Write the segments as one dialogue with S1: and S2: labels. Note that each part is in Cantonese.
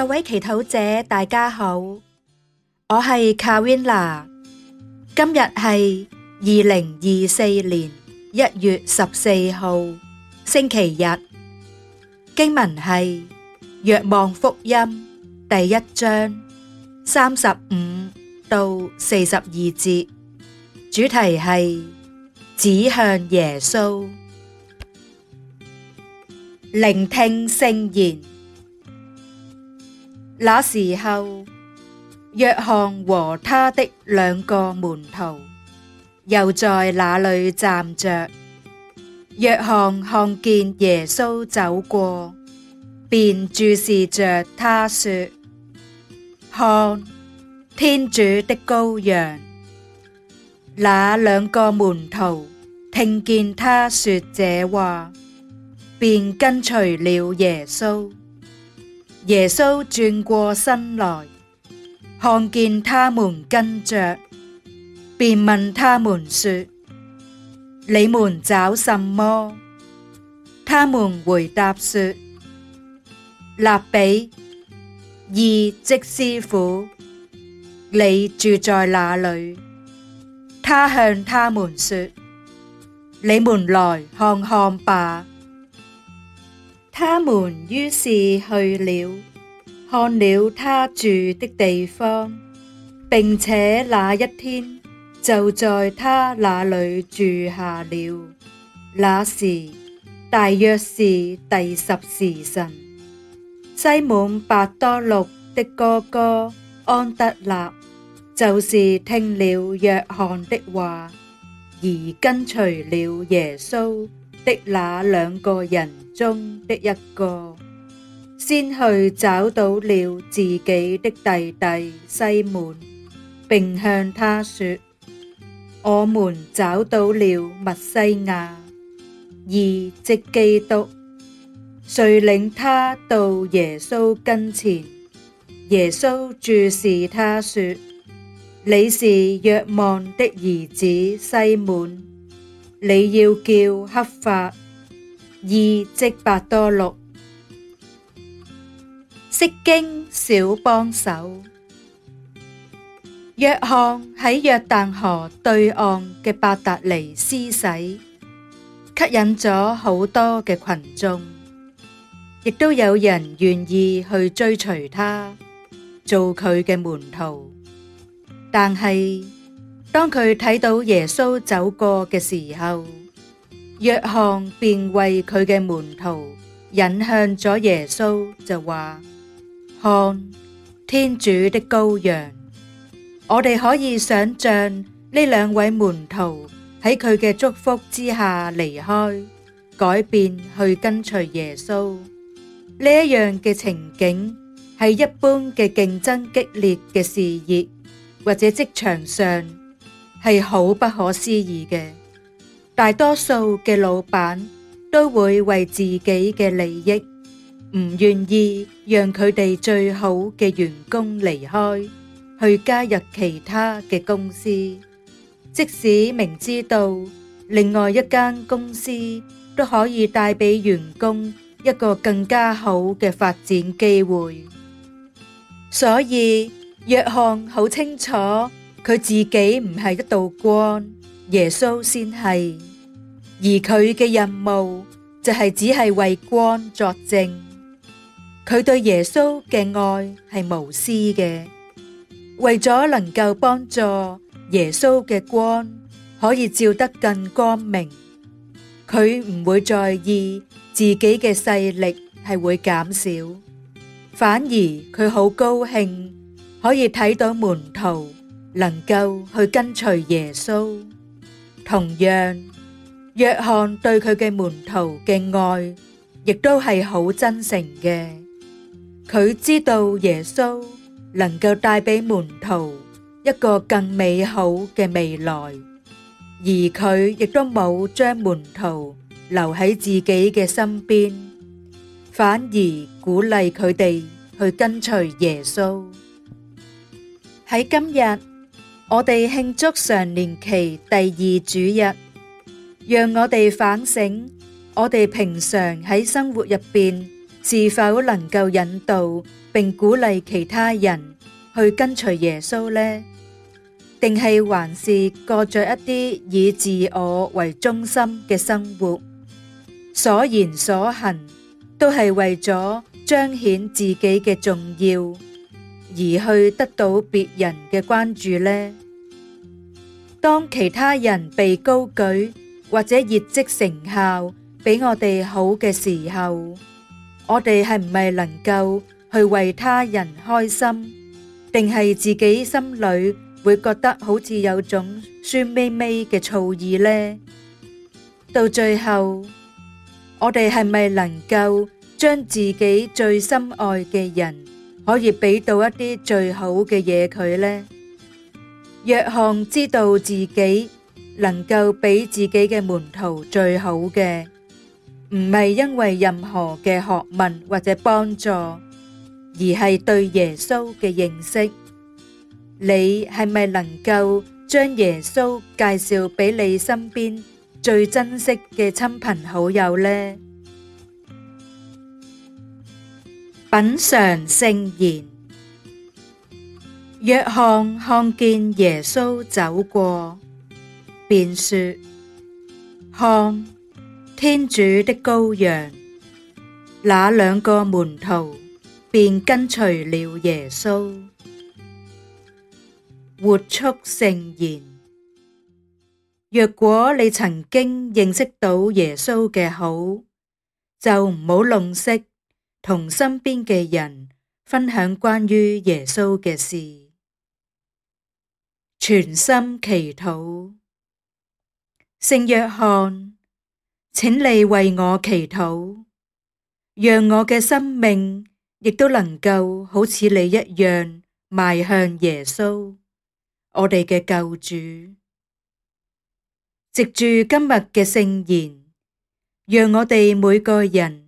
S1: 各位祈禱者，大家好，我係 Carina，今日係二零二四年一月十四號星期日，經文係《若望福音》第一章三十五到四十二節，主題係指向耶穌，聆聽聖言。那時候，若翰和他的兩個門徒又在那裏站着。若翰看見耶穌走過，便注視着他說：看，天主的羔羊。那兩個門徒聽見他說這話，便跟隨了耶穌。耶穌轉過身來，看見他們跟着，便問他們說：你們找什麼？他們回答說：辣彼，意即師傅，你住在哪裏？他向他們說：你們來，看看吧。他們於是去了，看了他住的地方，並且那一天就在他那裡住下了。那時大約是第十時辰，西滿伯多祿的哥哥安德肋，就是聽了若翰的話而跟隨了耶穌。的那兩個人中的一個，先去找到了自己的弟弟西滿，並向他說：我們找到了默西亞，意即基督。遂領他到耶穌跟前。耶穌注視他說：你是若望的兒子西滿。你要叫刻法，意即伯多祿，釋經小幫手。若翰喺約旦河對岸嘅伯達尼施洗，吸引咗好多嘅群眾，亦都有人願意去追隨他，做佢嘅門徒，但係。當佢睇到耶穌走過嘅時候，若翰便為佢嘅門徒引向咗耶穌，就話：看天主的羔羊！我哋可以想象呢兩位門徒喺佢嘅祝福之下離開，改變去跟隨耶穌。呢一樣嘅情景係一般嘅競爭激烈嘅事業或者職場上。係好不可思議嘅，大多數嘅老闆都會為自己嘅利益，唔願意讓佢哋最好嘅員工離開，去加入其他嘅公司，即使明知道另外一間公司都可以帶俾員工一個更加好嘅發展機會。所以若翰好清楚。佢自己唔係一道光，耶穌先係，而佢嘅任務就係只係為光作證。佢對耶穌嘅愛係無私嘅，為咗能夠幫助耶穌嘅光可以照得更光明，佢唔會在意自己嘅勢力係會減少，反而佢好高興可以睇到門徒。能夠去跟隨耶穌，同樣若翰對佢嘅門徒嘅愛亦都係好真誠嘅。佢知道耶穌能夠帶俾門徒一個更美好嘅未來，而佢亦都冇將門徒留喺自己嘅身邊，反而鼓勵佢哋去跟隨耶穌。喺今日，我哋慶祝常年期第二主日，讓我哋反省，我哋平常喺生活入邊是否能夠引導並鼓勵其他人去跟隨耶穌呢？定係還是過著一啲以自我為中心嘅生活，所言所行都係為咗彰顯自己嘅重要？而去得到別人嘅關注呢？當其他人被高舉，或者業績成效比我哋好嘅時候，我哋係唔係能夠去為他人開心，定係自己心裏會覺得好似有種酸咪咪嘅醋意呢？到最後，我哋係咪能夠將自己最深愛嘅人可以俾到一啲最好嘅嘢佢呢。若翰知道自己能夠俾自己嘅門徒最好嘅，唔係因為任何嘅學問或者幫助，而係對耶穌嘅認識。你係咪能夠將耶穌介紹俾你身邊最珍惜嘅親朋好友呢？品嚐聖言，若翰看，看見耶穌走過，便說：看天主的羔羊。那兩個門徒便跟隨了耶穌，活出聖言。若果你曾經認識到耶穌嘅好，就唔好吝嗇。同身邊嘅人分享關於耶穌嘅事，全心祈禱，聖若翰，請你為我祈禱，讓我嘅生命亦都能夠好似你一樣邁向耶穌，我哋嘅救主。藉住今日嘅聖言，讓我哋每個人。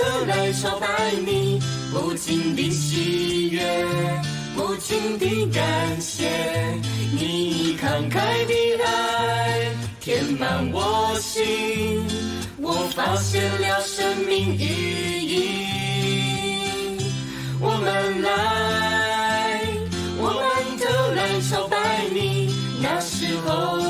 S1: 都來朝拜你，不盡的喜悅，不盡的感謝，你慷慨的愛填滿我心，我發現了生命意義。我們來，我們都來朝拜你，那時候。